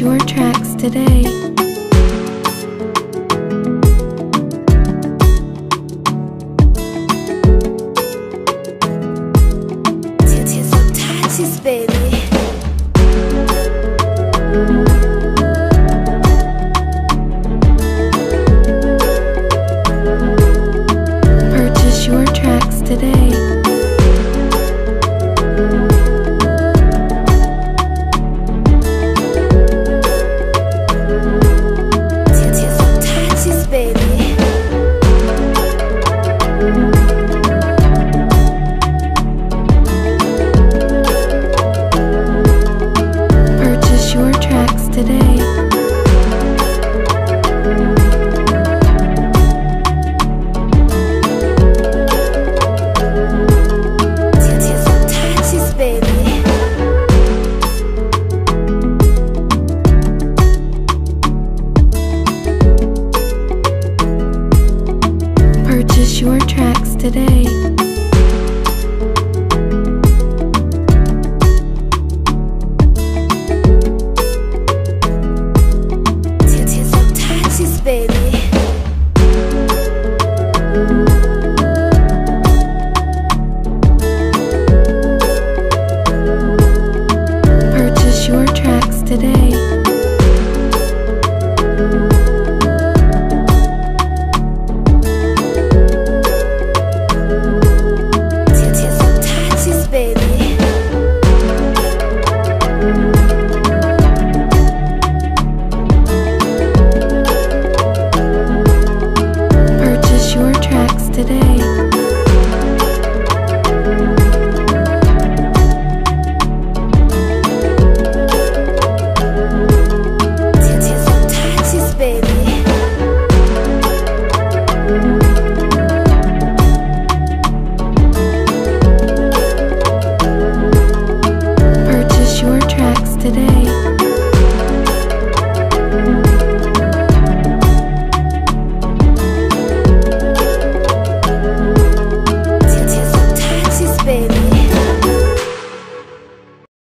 purchase your tracks today. Titties tatties, baby. Purchase your tracks today. you